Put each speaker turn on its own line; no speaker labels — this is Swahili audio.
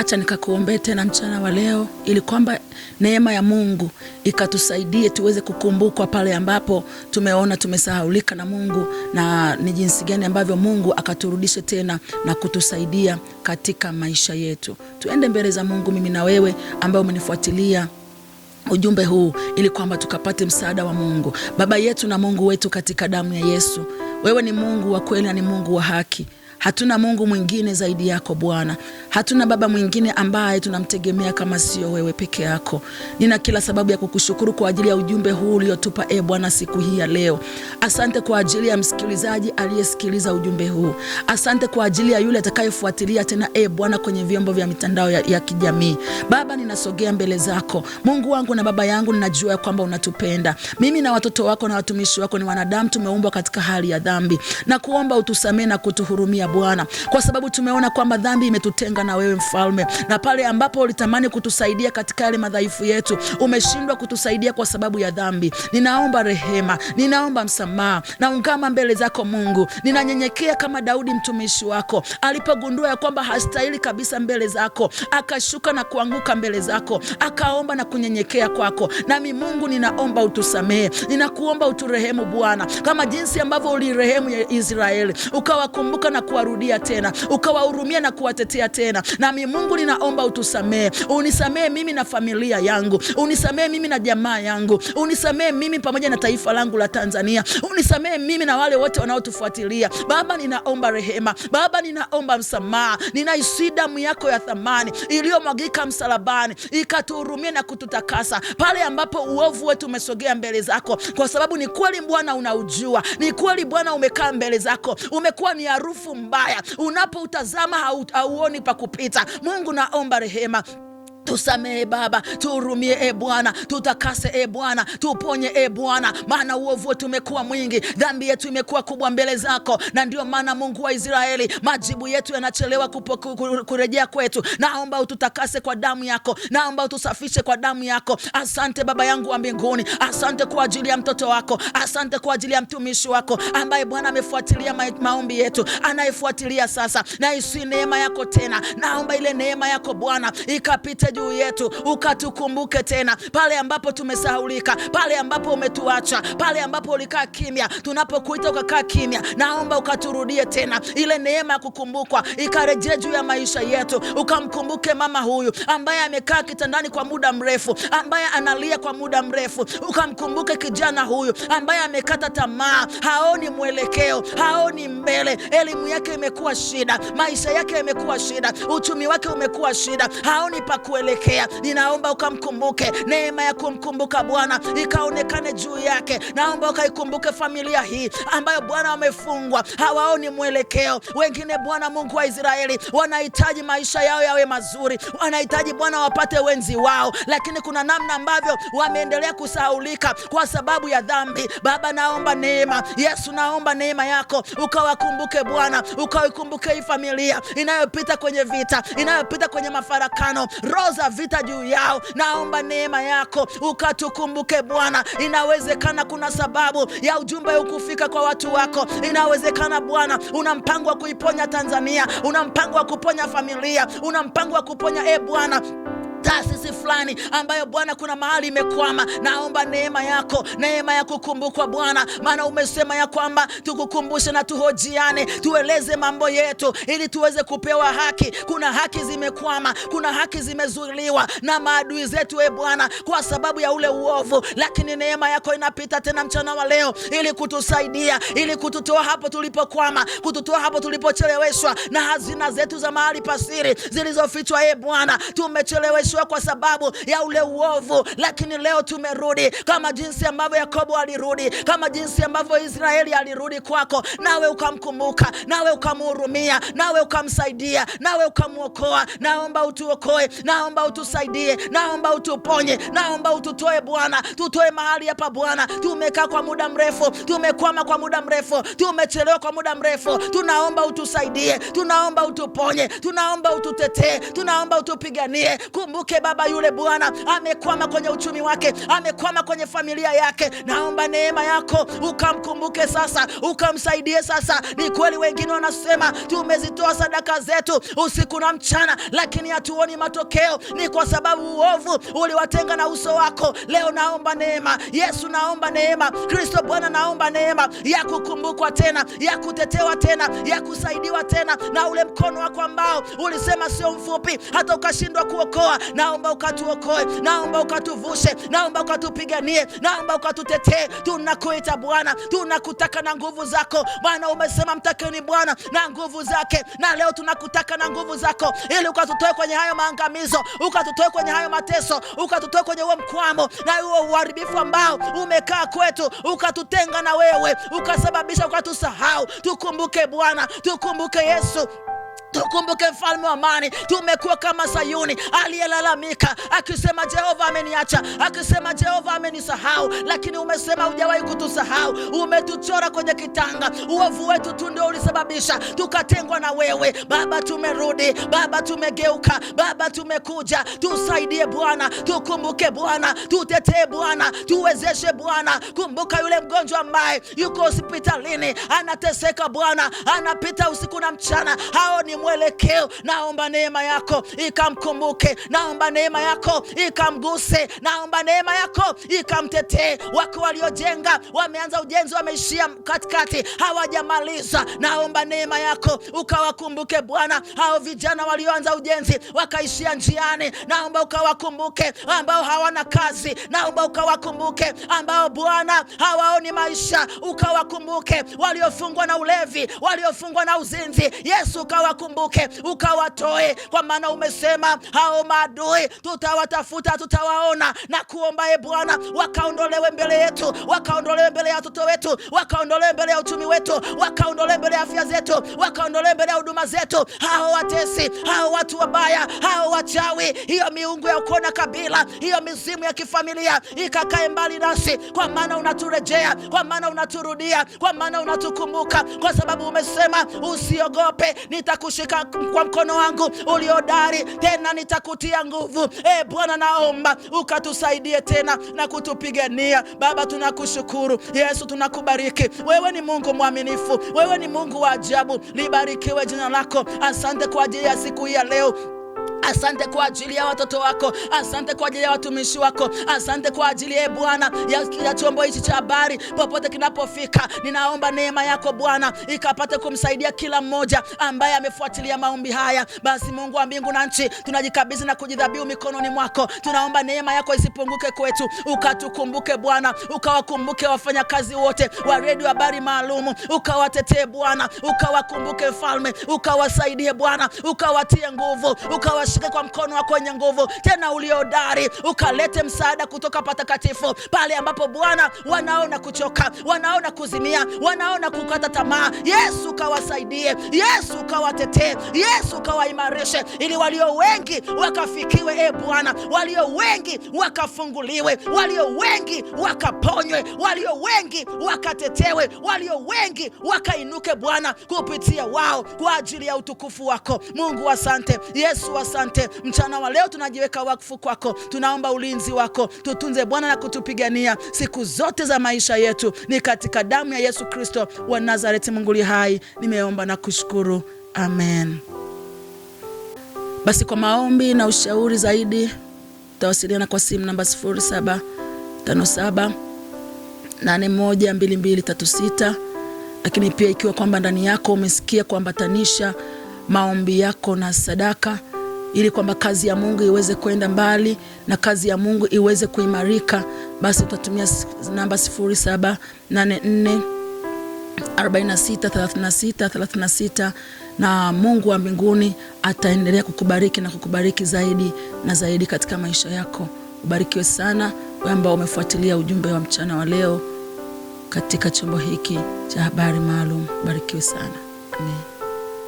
acha nikakuombee tena mchana wa leo, ili kwamba neema ya Mungu ikatusaidie tuweze kukumbukwa pale ambapo tumeona tumesahaulika na Mungu, na ni jinsi gani ambavyo Mungu akaturudishe tena na kutusaidia katika maisha yetu. Tuende mbele za Mungu, mimi na wewe ambaye umenifuatilia ujumbe huu ili kwamba tukapate msaada wa Mungu. Baba yetu na Mungu wetu katika damu ya Yesu, wewe ni Mungu wa kweli na ni Mungu wa haki. Hatuna Mungu mwingine zaidi yako Bwana, hatuna baba mwingine ambaye tunamtegemea kama sio wewe peke yako. Nina kila sababu ya kukushukuru kwa ajili ya ujumbe huu uliotupa e Bwana siku hii ya leo. Asante kwa ajili ya msikilizaji aliyesikiliza ujumbe huu. Asante kwa ajili ya yule atakayefuatilia tena e Bwana kwenye vyombo vya mitandao ya, ya kijamii. Baba, ninasogea mbele zako Mungu wangu na baba yangu, ninajua ya kwamba unatupenda mimi na watoto wako na watumishi wako. Ni wanadamu tumeumbwa katika hali ya dhambi, na kuomba utusamee na kutuhurumia Bwana, kwa sababu tumeona kwamba dhambi imetutenga na wewe Mfalme, na pale ambapo ulitamani kutusaidia katika yale madhaifu yetu, umeshindwa kutusaidia kwa sababu ya dhambi. Ninaomba rehema, ninaomba msamaha, naungama mbele zako Mungu, ninanyenyekea kama Daudi mtumishi wako alipogundua ya kwamba hastahili kabisa mbele zako, akashuka na kuanguka mbele zako, akaomba na kunyenyekea kwako. Nami Mungu, ninaomba utusamehe, ninakuomba uturehemu Bwana, kama jinsi ambavyo ulirehemu Israeli ukawakumbuka na kuwa kuwarudia tena, ukawahurumia na kuwatetea tena. Nami Mungu ninaomba utusamehe, unisamehe mimi na familia yangu, unisamehe mimi na jamaa yangu, unisamehe mimi pamoja na taifa langu la Tanzania, unisamehe mimi na wale wote wanaotufuatilia. Baba, ninaomba rehema, Baba, ninaomba msamaha, ninaisi damu yako ya thamani iliyomwagika msalabani ikatuhurumia na kututakasa pale ambapo uovu wetu umesogea mbele zako, kwa sababu ni kweli Bwana unaujua, ni kweli Bwana umekaa mbele zako, umekuwa ni harufu mbaya, unapoutazama hauoni pa kupita. Mungu naomba rehema Tusamehe Baba, tuhurumie e Bwana, tutakase e Bwana, tuponye e Bwana, maana uovu wetu umekuwa mwingi, dhambi yetu imekuwa kubwa mbele zako. Na ndio maana Mungu wa Israeli, majibu yetu yanachelewa kurejea kwetu. Naomba ututakase kwa damu yako, naomba utusafishe kwa damu yako. Asante Baba yangu wa mbinguni, asante kwa ajili ya mtoto wako, asante kwa ajili ya mtumishi wako ambaye Bwana amefuatilia maombi yetu, anayefuatilia sasa, na isi neema yako tena. Naomba ile neema yako Bwana ikapite juu yetu, ukatukumbuke tena pale ambapo tumesahaulika, pale ambapo umetuacha, pale ambapo ulikaa kimya. Tunapokuita ukakaa kimya, naomba ukaturudie tena ile neema ya kukumbukwa, ikarejee juu ya maisha yetu. Ukamkumbuke mama huyu ambaye amekaa kitandani kwa muda mrefu, ambaye analia kwa muda mrefu. Ukamkumbuke kijana huyu ambaye amekata tamaa, haoni mwelekeo, haoni mbele, elimu yake imekuwa shida, maisha yake yamekuwa shida, uchumi wake umekuwa shida, haoni pakue anakoelekea. Ninaomba ukamkumbuke, neema ya kumkumbuka Bwana ikaonekane juu yake. Naomba ukaikumbuke familia hii ambayo Bwana wamefungwa, hawaoni mwelekeo. Wengine Bwana Mungu wa Israeli wanahitaji maisha yao yawe mazuri, wanahitaji Bwana wapate wenzi wao, lakini kuna namna ambavyo wameendelea kusahaulika kwa sababu ya dhambi. Baba, naomba neema. Yesu, naomba neema yako ukawakumbuke Bwana, ukawikumbuke hii familia inayopita kwenye vita, inayopita kwenye mafarakano. Roho ongoza vita juu yao. Naomba neema yako ukatukumbuke Bwana. Inawezekana kuna sababu ya ujumbe ukufika kwa watu wako. Inawezekana Bwana una mpango wa kuiponya Tanzania, una mpango wa kuponya familia, una mpango wa kuponya e Bwana taasisi fulani ambayo Bwana kuna mahali imekwama, naomba neema yako, neema ya kukumbukwa Bwana, maana umesema ya kwamba tukukumbushe na tuhojiane, tueleze mambo yetu ili tuweze kupewa haki. Kuna haki zimekwama, kuna haki zimezuiliwa na maadui zetu, e Bwana, kwa sababu ya ule uovu, lakini neema yako inapita tena mchana wa leo ili kutusaidia, ili kututoa hapo tulipokwama, kututoa hapo tulipocheleweshwa na hazina zetu za mahali pasiri zilizofichwa, e Bwana, tumecheleweshwa tumeteswa kwa sababu ya ule uovu, lakini leo tumerudi, kama jinsi ambavyo Yakobo alirudi, kama jinsi ambavyo Israeli alirudi kwako, nawe ukamkumbuka, nawe ukamhurumia, nawe ukamsaidia, nawe ukamwokoa. Naomba utuokoe, naomba utusaidie, naomba utuponye, naomba ututoe Bwana, tutoe mahali hapa Bwana. Tumekaa kwa muda mrefu, tumekwama kwa muda mrefu, tumechelewa kwa muda mrefu. Tunaomba utusaidie, tunaomba utuponye, tunaomba ututetee, tunaomba utupiganie. Kumbuka ukumbuke Baba, yule bwana amekwama kwenye uchumi wake, amekwama kwenye familia yake. Naomba neema yako ukamkumbuke sasa, ukamsaidie sasa. Ni kweli wengine wanasema tumezitoa sadaka zetu usiku na mchana, lakini hatuoni matokeo. Ni kwa sababu uovu uliwatenga na uso wako. Leo naomba neema, Yesu naomba neema, Kristo Bwana naomba neema ya kukumbukwa tena, ya kutetewa tena, ya kusaidiwa tena, na ule mkono wako ambao ulisema sio mfupi, hata ukashindwa kuokoa naomba ukatuokoe, naomba ukatuvushe, naomba ukatupiganie, naomba ukatutetee. Tunakuita Bwana, tunakutaka na nguvu zako Bwana. Umesema mtakeni Bwana na nguvu zake, na leo tunakutaka na nguvu zako, ili ukatutoe kwenye hayo maangamizo, ukatutoe kwenye hayo mateso, ukatutoe kwenye huo mkwamo na huo uharibifu ambao umekaa kwetu, ukatutenga na wewe, ukasababisha ukatusahau. Tukumbuke Bwana, tukumbuke Yesu. Tukumbuke mfalme wa amani. Tumekuwa kama Sayuni aliyelalamika akisema, Jehova ameniacha, akisema, Jehova amenisahau, lakini umesema hujawahi kutusahau. Umetuchora kwenye kitanga, uovu wetu tu ndio ulisababisha tukatengwa na wewe. Baba, tumerudi Baba, tumegeuka Baba, tumekuja. Tusaidie Bwana, tukumbuke Bwana, tutetee Bwana, tuwezeshe Bwana. Kumbuka yule mgonjwa ambaye yuko hospitalini anateseka Bwana, anapita usiku na mchana, hao ni mwelekeo. Naomba neema yako ikamkumbuke, naomba neema yako ikamguse, naomba neema yako ikamtetee. Wako waliojenga wameanza ujenzi, wameishia katikati, hawajamaliza. Naomba neema yako ukawakumbuke Bwana, hao vijana walioanza ujenzi wakaishia njiani, naomba ukawakumbuke. Ambao hawana kazi, naomba ukawakumbuke. Ambao Bwana hawaoni maisha, ukawakumbuke. Waliofungwa na ulevi, waliofungwa na uzinzi, Yesu ukawakumbuke uwakumbuke ukawatoe, kwa maana umesema hao maadui tutawatafuta, tutawaona na kuomba. E Bwana, wakaondolewe mbele yetu, wakaondolewe mbele ya watoto wetu, wakaondolewe mbele ya uchumi wetu, wakaondolewe mbele ya afya zetu, wakaondolewe mbele ya huduma zetu, hao watesi, hao watu wabaya, hao wachawi, hiyo miungu ya ukoo na kabila, hiyo mizimu ya kifamilia ikakae mbali nasi, kwa maana unaturejea, kwa maana unaturudia, kwa maana unatukumbuka, kwa sababu umesema usiogope, nitakush nitakushika kwa mkono wangu uliodari, tena nitakutia nguvu. E Bwana, naomba ukatusaidie tena na kutupigania. Baba, tunakushukuru Yesu, tunakubariki wewe. Ni Mungu mwaminifu, wewe ni Mungu wa ajabu. Libarikiwe jina lako. Asante kwa ajili ya siku hii ya leo. Asante kwa ajili ya watoto wako, asante kwa ajili ya watumishi wako, asante kwa ajili ya Bwana ya, ya chombo hichi cha habari popote kinapofika, ninaomba neema yako Bwana ikapate kumsaidia kila mmoja ambaye amefuatilia maombi haya. Basi Mungu wa mbingu na nchi, tunajikabidhi na kujidhabihu mikononi mwako, tunaomba neema yako isipunguke kwetu, ukatukumbuke Bwana, ukawakumbuke wafanyakazi wote wa redio habari maalumu, ukawatetee Bwana, ukawakumbuke Mfalme, ukawasaidie Bwana, ukawatie nguvu, ukawa ukashike kwa mkono wako wenye nguvu tena uliodari, ukalete msaada kutoka patakatifu, pale ambapo Bwana wanaona kuchoka, wanaona kuzimia, wanaona kukata tamaa. Yesu ukawasaidie, Yesu ukawatetee, Yesu ukawaimarishe, ili walio wengi wakafikiwe. E Bwana, walio wengi wakafunguliwe, walio wengi wakaponywe, walio wengi wakatetewe, walio wengi wakainuke Bwana, kupitia wao kwa ajili ya utukufu wako. Mungu asante, Yesu asante asante. Mchana wa leo tunajiweka wakfu kwako, tunaomba ulinzi wako, tutunze Bwana na kutupigania siku zote za maisha yetu, ni katika damu ya Yesu Kristo wa Nazareti. Mungu li hai, nimeomba na kushukuru, amen.
Basi kwa maombi na ushauri zaidi utawasiliana kwa simu namba 0757 812236 lakini pia ikiwa kwamba ndani yako umesikia kuambatanisha maombi yako na sadaka ili kwamba kazi ya Mungu iweze kwenda mbali na kazi ya Mungu iweze kuimarika, basi utatumia namba 0784 na Mungu wa mbinguni ataendelea kukubariki na kukubariki zaidi na zaidi katika maisha yako. Ubarikiwe sana wewe ambao umefuatilia ujumbe wa mchana wa leo katika chombo hiki cha habari maalum. Barikiwe sana. Amen.